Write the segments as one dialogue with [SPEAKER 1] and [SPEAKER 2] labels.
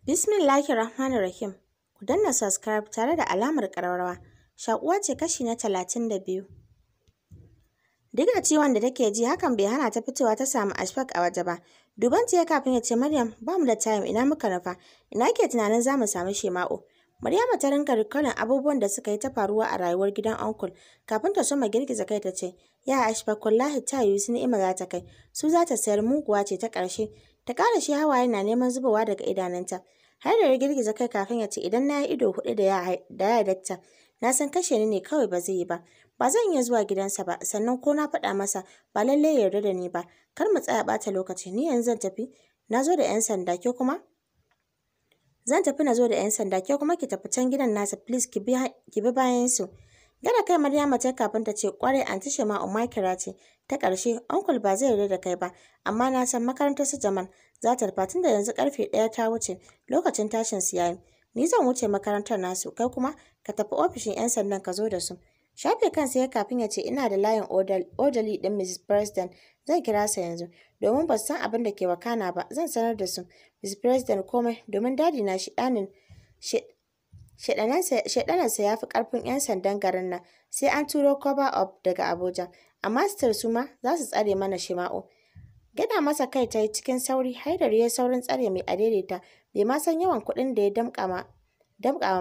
[SPEAKER 1] Bismillahir Rahmanir Rahim. Ku danna subscribe tare da alamar ƙararrawa. Shaƙuwa ce kashi na talatin da biyu. Duk ciwon da take ji hakan bai hana ta fitowa ta samu Ashfaq a waje ba. Duban ta kafin ya ce Maryam ba mu da time ina muka rafa Ina ke tunanin za mu samu shema'o Maryama ta rinka rikolin abubuwan da suka yi ta faruwa a rayuwar gidan uncle kafin ta soma girgiza kai ta ce, "Ya Ashfaq wallahi ta yi su ni'ima za ta kai, su za ta sayar muguwa ce ta ƙarshe, Ta ƙara shi hawaye na neman zubowa daga idanunta. Har da girgiza kai kafin ya ce idan na yi ido hudu da ya datta na san kashe ni ne kawai ba zai yi ba. Ba zan iya zuwa gidansa ba, sannan ko na faɗa masa ba lallai ya yarda da ni ba. Kar mu tsaya bata lokaci, ni yanzu zan tafi. Na zo da 'yan sanda, ke kuma? Zan tafi na zo da 'yan sanda, ke kuma ki tafi can gidan nasa, please ki bi bayansu. Gara kai Maryama ta kafin ta ce kwarai anti Shama'u kira ce. Ta ƙarshe uncle ba zai yarda da kai ba amma na san makarantar su Jamal za ta rufa tunda yanzu karfe ɗaya ta wuce lokacin tashin su yayi. Ni zan wuce makarantar nasu kai kuma ka tafi ofishin 'yan sandan ka zo da su. Shafe kansa ya kafin ya ce ina da layin orderly ɗin Mrs. President zan kira sa yanzu domin ba san abin da ke wakana ba zan sanar da su. Mrs. President komai domin dadi na shi ɗanin shaɗanarsa ya fi ƙarfin 'yan sandan garin nan sai an turo cover up daga Abuja amma sitar su ma za su tsare mana shima'o. gada masa kai ta yi cikin sauri haidar ya saurin tsare mai adaidaita bai ma san yawan kuɗin da ya damƙa ma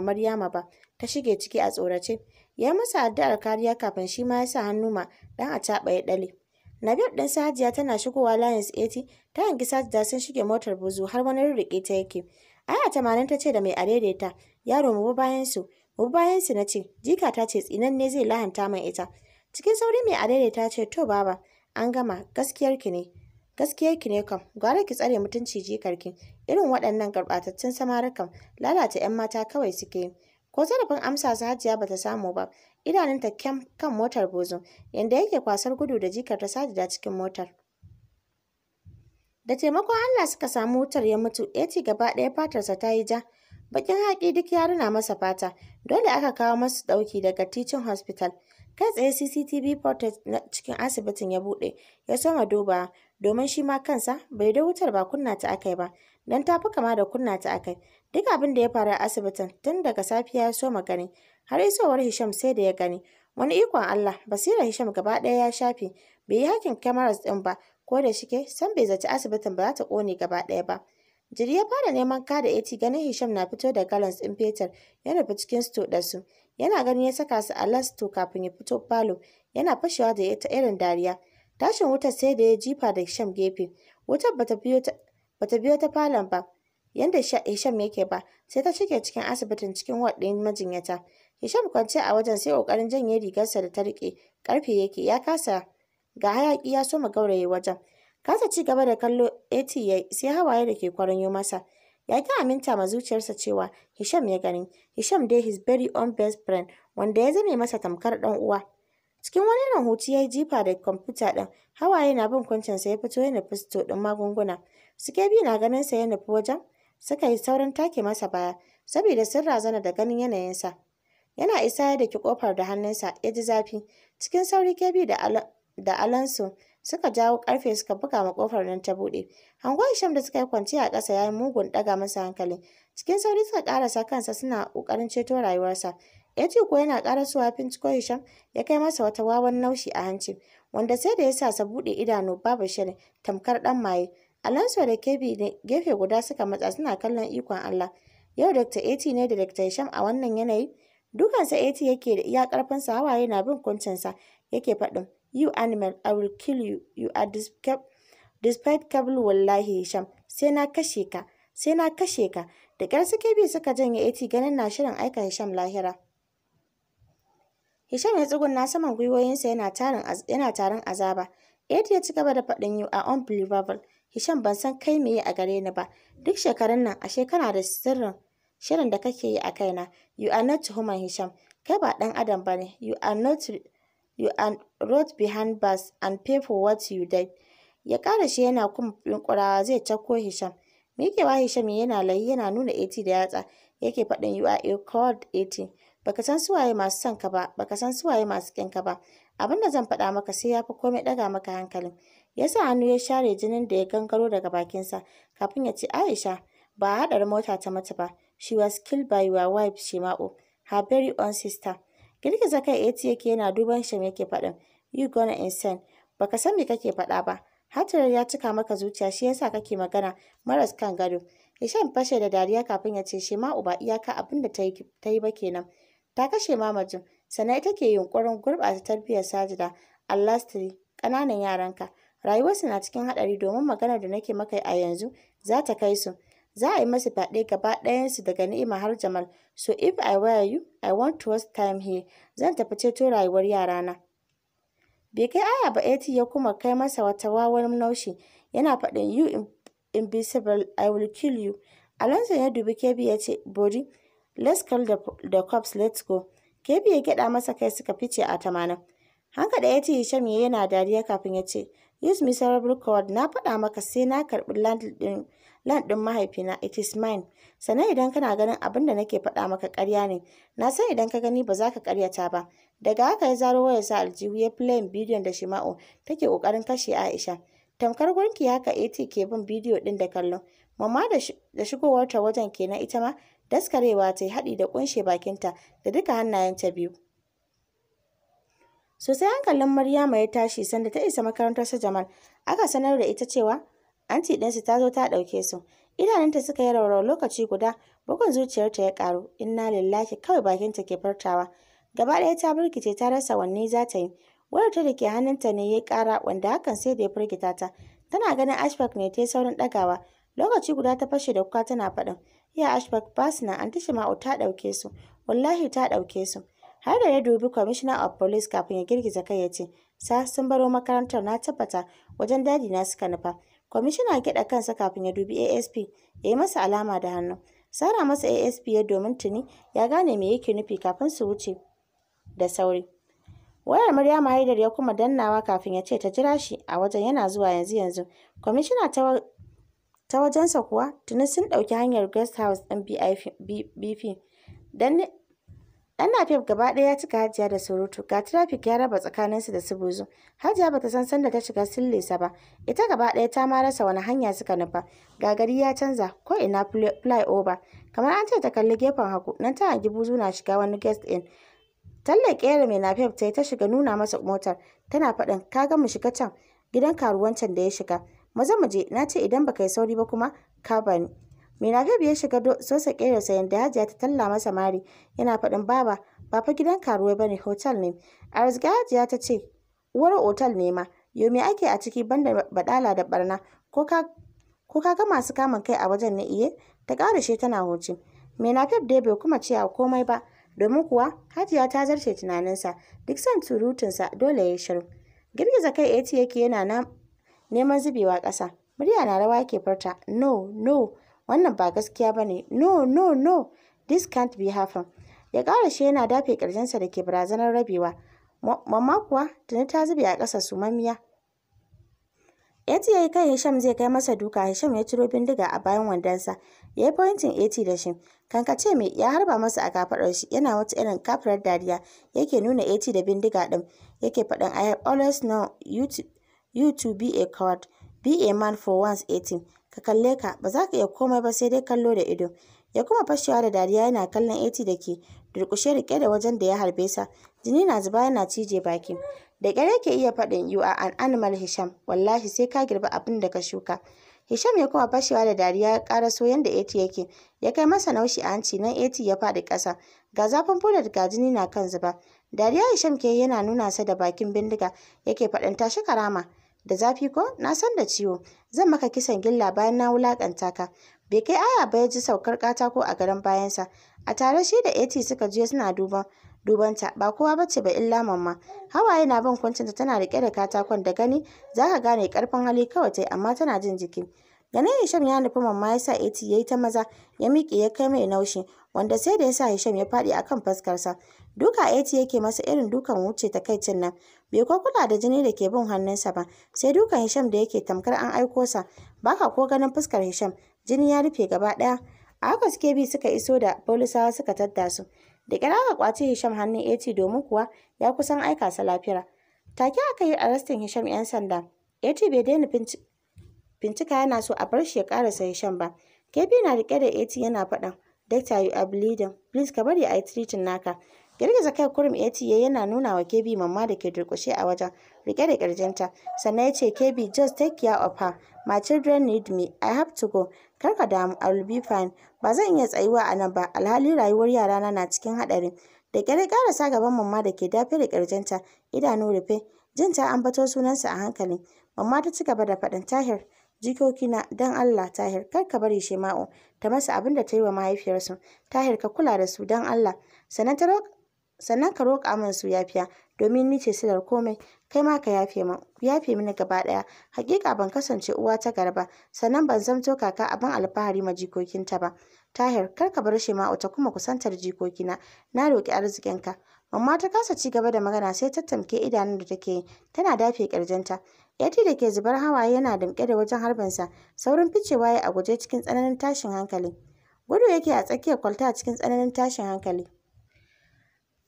[SPEAKER 1] Maryama ba ta shige ciki a tsorace ya masa addu'ar kariya kafin shi ma ya sa hannu ma dan a caɓa ya ɗale Nabil ɗin Sajiya tana shigowa Lions 80 ta hangi Sajiya sun shige motar buzu har wani rurrike ta yake. Aya tamanin ta ce da mai adaidaita, yaro mu bayan su mu bayan su na ce jika ta ce tsinanne zai lahanta mai ita cikin sauri mai ta ce to baba an gama gaskiyar ne gaskiyar ne kam gwara ki tsare mutunci jikarki irin waɗannan karɓatattun samarukan lalata 'yan mata kawai suke ko zarafin amsa su hajiya bata samu ba idanunta kyam kan motar bozo yanda yake kwasar gudu da jikar ta da cikin motar da taimakon allah suka samu wutar ya mutu ya ci gaba ɗaya fatarsa ta yi ja Bakin haƙi duk ya rina masa fata, dole aka kawo masu ɗauki daga teaching hospital. Kai tsaye CCTV portrait na cikin asibitin ya buɗe, ya soma duba domin shi ma kansa bai da wutar ba kunna ta akai ba, don ta kama da kunna ta akai. Duk abin da ya faru a asibitin tun daga safiya ya soma gani, har isowar Hisham sai da ya gani. Wani ikon Allah, basirar Hisham gaba ɗaya ya shafe, bai yi hakin kyamaras ɗin ba, ko da shike san bai zaci asibitin ba za ta ƙone gaba ɗaya ba. Jiri ya fara neman kada eti ganin Hisham na fito da galons ɗin fetur ya nufi cikin sto da su. Yana ganin ya saka su a lasto kafin ya fito falo. Yana fashewa da ita irin dariya. Tashin wutar sai da ya jifa da Hisham gefe. Wutar bata biyo ta biyo ta falon ba. Yanda Hisham yake ba, sai ta cike cikin asibitin cikin ward majinyata. Hisham kwance a wajen sai kokarin janye rigarsa da ta riƙe. Ƙarfe yake ya kasa ga hayaki ya soma gauraye wajen. Kasa ci gaba da kallo eti ya sai hawaye da ke kwaranyo masa. Ya ki aminta ma zuciyarsa cewa Hisham ya gani. Hisham dai his very own best friend wanda ya zame masa tamkar dan uwa. Cikin wani irin hutu ya yi jifa da kwamfuta ɗin, hawaye na bin sa ya fito ya nufi sito ɗin magunguna. Suke bi na ganin sa ya nufi wajen, suka yi sauran take masa baya, saboda sun razana da ganin yanayinsa. Yana isa ya daki kofar da hannunsa, ya ji zafi. Cikin sauri ke Kebi da Alonso suka jawo karfe suka buga ma kofar nan ta bude hango Hisham da suka yi kwanci a ƙasa yayin mugun daga masa hankali cikin sauri suka ƙarasa kansa suna kokarin ceto rayuwarsa yace ko yana karasuwa finciko Hisham ya kai masa wata wawan naushi a hanci wanda sai da yasa sa sa bude idanu babu shirin tamkar ɗan maye Alonso da Kebi ne gefe guda suka matsa suna kallon ikon Allah yau Dr. Eti ne da Dr. Hisham a wannan yanayi dukansa Eti yake da iya karfinsa hawaye na bin kuncinsa yake faɗin You animal, I will kill you. You are despicable wallahi Hisham. Sai na kashe ka. Sai na kashe ka. Da ƙyar suke bi suka janye eti ganin na shirin aika Hisham lahira. Hisham ya tsugunna saman gwiwoyinsa yana tarin yana tarin azaba. Eti ya ci gaba da faɗin you are unbelievable. Hisham ban san kai meye a gare ni ba. Duk shekarun nan a kana da sirrin shirin da kake yi a kaina. You are not human Hisham. Kai ba ɗan adam bane. You are not You are wrote behind bars and pay for what you did. Ya kara shi yana kuma yunƙurawa zai cakko Hisham. wa Hisham yana layi yana nuna 80 da yatsa yake fadin you are a 80. Baka san suwaye masu son ka ba, baka san suwaye masu kin ka ba. abinda zan fada maka sai ya fi komai daga maka hankalin. Ya sa hannu ya share jinin da ya gangaro daga bakinsa kafin ya ce Aisha ba hadar mota ta mata ba. She was killed by your wife Shima'u, her very own sister. Girgiza kai ya yake yana duban Sham yake faɗin, You gonna insane. Baka san me kake faɗa ba. hatar ya cika maka zuciya shi yasa kake magana maras kan gado. ya shan fashe da dariya kafin ya ce shi ma uba iyaka abin da ta yi ba kenan. Ta kashe mamajin, sana ita ke yunƙurin gurɓata tarbiyyar sajida, allastiri, ƙananan yaranka. Rayuwarsu na cikin haɗari domin maganar da nake maka a yanzu za ta kai su. za a yi masa fyaɗe gaba ɗayansu daga Ni'ima har Jamal. So if I were you, I want to waste time here. Zan tafi ceto rayuwar yarana. Bai kai aya ba Eti ya kuma kai masa wata wawar naushi. Yana faɗin you invisible, I will kill you. Alonso ya dubi Kebi ya ce, Bori, let's call the, cops, let's go. Kebi ya gyaɗa masa kai suka fice a tamanin. Hanka da ya Hisham ya yana dariya kafin ya ce, Use me cord na faɗa maka sai na karɓi land ɗin mahaifina it is mine. Sannan idan kana ganin abin da nake faɗa maka ƙarya ne, na san idan ka gani ba za ka ƙaryata ba. Daga haka ya zaro sa aljihu ya filayin bidiyon da Shima'u take ƙoƙarin kashe Aisha. Tamkar gwanki haka AT ke bin bidiyo ɗin da kallo. mama da shigowarta wajen kenan ita ma daskarewa ta yi haɗi da ƙunshe bakinta da duka hannayenta biyu. Sosai hankalin Maryama ya tashi sanda ta isa makarantar su Jamal. Aka sanar da ita cewa anti ɗinsu ta zo ta ɗauke su. Idanunta suka yi rawar lokaci guda, bugun zuciyarta ya karu. Inna lillahi kawai bakin ta ke furtawa. Gaba ɗaya ta burkice ta rasa wanne za ta yi. Wayar ta da ke hannunta ne ya kara wanda hakan sai da ya furgita ta. Tana ganin Ashfaq ne ta yi saurin ɗagawa. Lokaci guda ta fashe da kuka tana faɗin. Ya Ashfaq ba su na an tashi ma'u ta ɗauke su. Wallahi ta ɗauke su. har da ya dubi commissioner of police kafin ya girgiza kai ya ce sa sun baro makarantar na tabbata wajen daji na suka nufa kwamishina gyaɗa kansa kafin ya dubi asp ya yi masa alama da hannu sara masa asp ya domin tuni ya gane me yake nufi kafin su wuce da sauri wayar maryama haidar ya kuma dannawa kafin ya ce ta jira shi a wajen yana zuwa yanzu yanzu kwamishina ta ta wajensa kuwa tuni sun ɗauki hanyar guest house ɗin bp Ɗan Nafiyar gaba ɗaya ya cika Hajiya da surutu, ga trafik ya raba tsakaninsu da Subuzu. Hajiya bata san sanda ta shiga sa ba, ita gaba ɗaya ta ma rasa wani hanya suka nufa. Ga gari ya canza, ko ina flyover. Kamar an ce ta kalli gefen hagu, nan ta hangi buzu na shiga wani guest in. Talle ƙera mai Nafiyar ta yi ta shiga nuna masa motar, tana faɗin, ka ga mu shiga can, gidan karuwan da ya shiga. Maza mu je, na ce idan baka yi sauri ba kuma, ka bani. Minagab ya shiga sa da sayan da Hajiya ta talla masa mari yana faɗin baba ba fa gidan karuwa bane hotel ne. A rizga Hajiya ta ce uwar otal ne ma yo me ake a ciki banda baɗala da barna ko ka ga masu kamun kai a wajen na iye ta ƙara karashe tana hoce. Menafef dai bai kuma ce a komai ba domin kuwa Hajiya ta zarce tunaninsa duk san surutunsa dole ya shiru. Girgiza kai eti yake yana na neman zubewa ƙasa. Murya na rawa ke furta no no wannan ba gaskiya bane no no no this can't be happen ya kara shi yana dafe ƙirjinsa da ke barazanar rabewa mamma kuwa tuni ta zube a ƙasa sumammiya Eti ya yi kan Hisham zai kai masa duka Hisham ya ciro bindiga a bayan wandonsa ya yi pointin Eti da shi kankace mai ya harba masa a kafaɗar shi yana wata irin kafarar dariya yake nuna Eti da bindiga ɗin yake faɗin I have always known you to, you be a coward be a man for once Eti ka kalle ka ba za ka iya komai ba sai dai kallo da ido ya kuma fashewa da dariya yana kallon eti da ke durkushe rike da wajen da ya harbe sa jini na zuba yana cije baki da kyar yake iya faɗin you a an animal hisham wallahi sai ka girba abin da ka shuka hisham ya kuma fashewa da dariya ya ƙara soyan da eti yake ya kai masa naushi a hanci nan eti ya faɗi ƙasa ga zafin fulat ga jini na kan zuba dariya hisham ke yana nuna sa da bakin bindiga yake faɗin tashi karama da zafi ko na san da ciwo zan maka kisan gilla bayan na wulakanta ka bai kai aya ba ya ji saukar katako a garin bayansa a tare shi da eti suka je suna duban dubanta ba kowa bace ba illa mamma hawaye na bin kuncinta tana rike da katakon da gani zaka gane karfin hali kawai tai amma tana jin jiki ganin Hisham ya nufi mamma ya sa eti yi ta maza ya miƙe ya kai mai naushi wanda sai da ya sa Hisham ya faɗi akan fuskarsa duka AT yake masa irin dukan wuce takaicin nan bai ko kula da jini da ke bin hannunsa ba sai dukan hisham da yake tamkar an aiko sa baka ko ganin fuskar hisham jini ya rufe gaba ɗaya a haka suke bi suka iso da polisawa suka tadda su da kira aka kwace hisham hannun AT domin kuwa ya kusan aika sa lafira take aka yi arrestin hisham yan sanda AT bai daina bincika yana so a bar shi ya karasa hisham ba kebi na rike da AT yana faɗan Doctor you are bleeding. Please ka bari a yi treating naka. girgiza kai kurum ya yana nuna wa kebi mamma da ke durkushe a wajen rike da ƙirjinta sannan ya ce kebi just take care of her my children need me i have to go kar ka damu i will be fine ba zan iya tsayuwa a nan ba alhali rayuwar yarana na cikin haɗari da kare karasa gaban mamma da ke dafe da ƙirjinta idanu rufe jin ta ambato sunansa a hankali mamma ta ci gaba da faɗin tahir jikoki jikokina dan Allah tahir kar ka bari shema'u ta masa abin da ta yi wa mahaifiyarsu tahir ka kula da su dan Allah sannan ta sannan ka roƙa min su yafiya domin ni ce silar komai kai ma ka yafe min yafe mini gaba ɗaya hakika ban kasance uwa ta garba sannan ban zamto kaka abin alfahari ma jikokinta ba tahir kar ka bar shi ma ta kuma kusantar jikokina na roƙi arzikinka Mamma ta kasa ci gaba da magana sai ta tamke idanun da take yi, tana dafe ƙirjinta. Yati da ke zubar hawaye yana damƙe da wajen harbinsa, saurin ficewa ya a guje cikin tsananin tashin hankali. Gudu yake a tsakiyar kwalta cikin tsananin tashin hankali.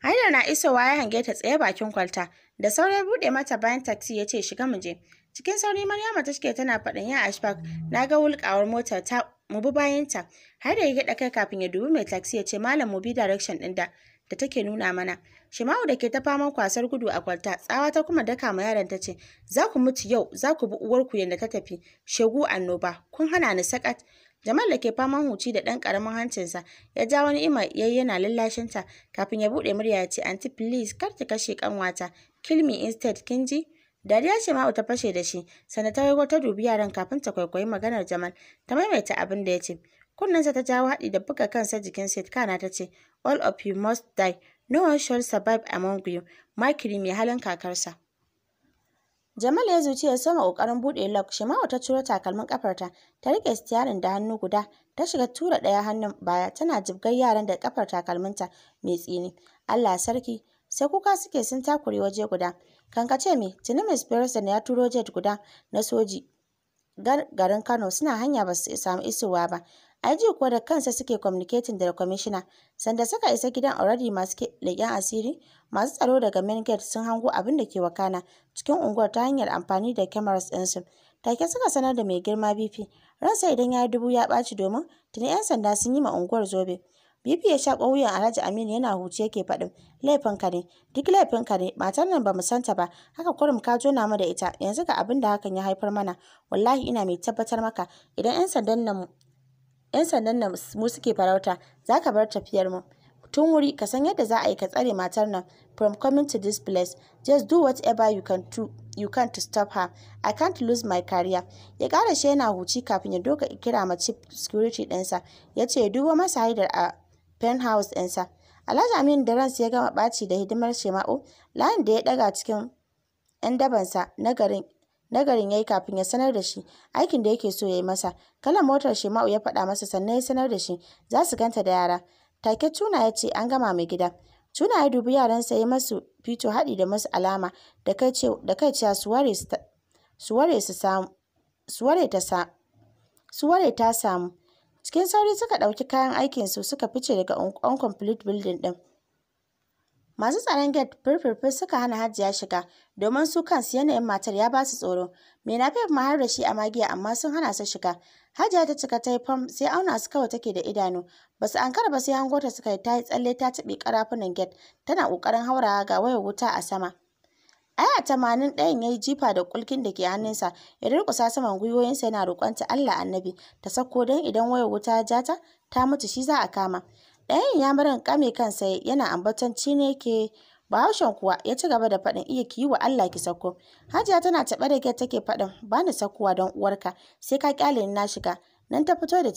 [SPEAKER 1] Haidar na isowa ya hange ta tsaye bakin kwalta, da sauri ya buɗe mata bayan taxi ya ce shiga mu je. Cikin sauri Maryama ta shike tana faɗin ya Ashfaq, na ga wulƙawar motar ta mu bi bayanta. Haidar ya gyaɗa kai kafin ya dubi mai taxi ya ce malam mu bi direction ɗin da da take nuna mana. Shima'u da ke ta faman kwasar gudu a kwalta, tsawa ta kuma daka ma yaron ta ce, "Za ku mutu yau, za ku bi uwarku yadda ta tafi, shegu annoba, kun hana ni sakat." Jamal da ke faman huci da ɗan ƙaramin hancinsa ya ja wani ima ya yayi yana lallashinta kafin ya buɗe murya ya ce anti please kar ki kashe kanwata kill me instead kin ji Dariya ce ma ta fashe da shi sannan ta ta dubi yaran kafin ta kwaikwayi maganar Jamal ta maimaita abin da ya ce kunnensa ta jawo haɗi da buga kansa jikin Sid kana ta ce all of you must die no one shall survive among you makiri mai halin kakarsa Jamal ya zuci ya sama kokarin buɗe lock, Shima'u ta ciro takalmin kafarta ta rike stiyarin da hannu guda, ta shiga tura daya hannun baya, tana jibgar yaran da kafar takalminta mai tsini. Allah sarki, sai kuka suke sun takure waje guda. Kankace me, tuni Miss Pearson ya turo jet guda na soji garin Kano suna hanya ba su samu isowa ba. IG kuwa da kansa suke communicating da commissioner. Sanda suka isa gidan already masu leƙen asiri, masu tsaro daga main gate sun hango abin da ke wakana cikin unguwar ta hanyar amfani da cameras ɗinsu. Take suka sanar da mai girma BP, ransa idan ya yi dubu ya ɓaci domin tuni 'yan sanda sun yi ma unguwar zobe. BP ya sha wuyan Alhaji Aminu yana huce yake faɗin laifinka ne duk laifinka ne matar nan ba mu santa ba haka kurum ka jona mu da ita yanzu ga abin da hakan ya haifar mana wallahi ina mai tabbatar maka idan 'yan sandan nan 'yan sandan nan mu suke farauta za ka bar tafiyar mu tun wuri ka san yadda za a yi ka tsare matar nan from coming to this place just do whatever you can to you can to stop her i can't lose my career ya kara shi yana huci kafin ya doka kira ma chief security ɗinsa ya ce ya dubo masa haidar a penthouse ɗinsa alhaji Amin da ransa ya gama ɓaci da hidimar shema'u layin da ya ɗaga cikin 'yan dabansa na garin nagarin ya yi kafin ya sanar da shi aikin da yake so ya yi masa kalan motar shema'u ya faɗa masa sannan ya sanar da shi za su ganta da yara take tuna ya ce an gama mai gida tuna ya dubi yaran yaransa ya masu fito haɗi da masu alama da kai cewa ware ta samu cikin sauri suka ɗauki kayan aikin su suka fice daga uncomplete building ɗin Masu tsaron gate firfirfi suka hana Hajiya shiga domin su kansu yanayin matar ya ba su tsoro. Me na ma har da shi a magiya amma sun hana su shiga. Hajiya ta cika ta yi fam sai auna su kawai take da idanu. Ba su ankara ba sai hangota suka yi ta yi tsalle ta taɓe karafunan gate tana ƙoƙarin haurawa ga wayar wuta a sama. Aya tamanin ɗayan ya yi jifa da ƙulkin da ke hannunsa, ya durƙusa saman gwiwoyinsa yana roƙonta Allah annabi, ta sako don idan wayar wuta jata ta mutu shi za a kama. Ɗayan mara kame kansa yana yana ambaton ke Bahaushen kuwa ya ci gaba da faɗin iya ki yi wa Allah ki sako. Hajiya tana taɓa da gate take faɗin ba ni sakuwa don uwarka sai ka ƙyale ni na shiga. Nan ta fito da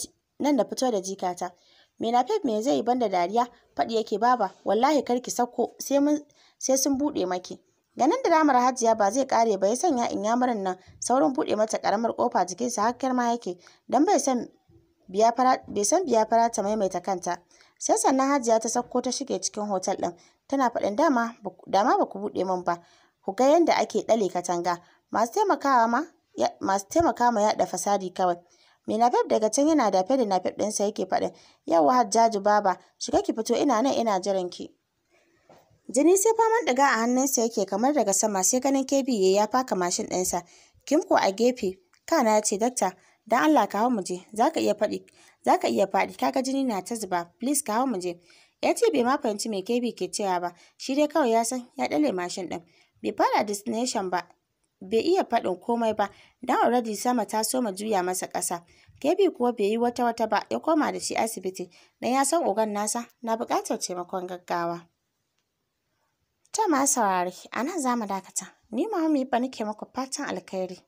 [SPEAKER 1] fito da jikata. Me na me zai yi da dariya faɗi yake baba wallahi kar ki sako sai mun sun buɗe maki. Ganin da damar hajiya ba zai kare ba ya sanya yamarin nan saurin buɗe mata ƙaramar ƙofa jikinsa har ma yake don bai san biya bai san biya fara ta maimaita kanta. sai sannan hajiya ta sauko ta shige cikin hotel ɗin tana faɗin dama dama ba ku buɗe min ba ku ga yadda ake ɗale katanga masu taimakawa ma masu taimaka ma yaɗa fasadi kawai mai nafef daga can yana da fef da nafef ɗinsa yake faɗin yawwa hajjaji baba shiga ki fito ina nan ina jiran ki jini sai faman ɗiga a hannunsa yake kamar daga sama sai ganin kebi ya faka mashin ɗinsa kim ko a gefe kana ya ce dakta dan Allah kawo mu je zaka iya faɗi zaka iya faɗi kaga jini na ta zuba please kawo mu je ya ce bai ma fahimci me KB ke cewa ba shi dai kawai ya san ya dale mashin ɗin. bai fara destination ba bai iya faɗin komai ba dan already sama ta so ma juya masa ƙasa KB kuwa bai yi wata wata ba ya koma da shi asibiti dan ya san ogan nasa na buƙatar taimakon gaggawa ta ma saurari a nan za mu dakata ni ma mu yi ba nake muku fatan alkhairi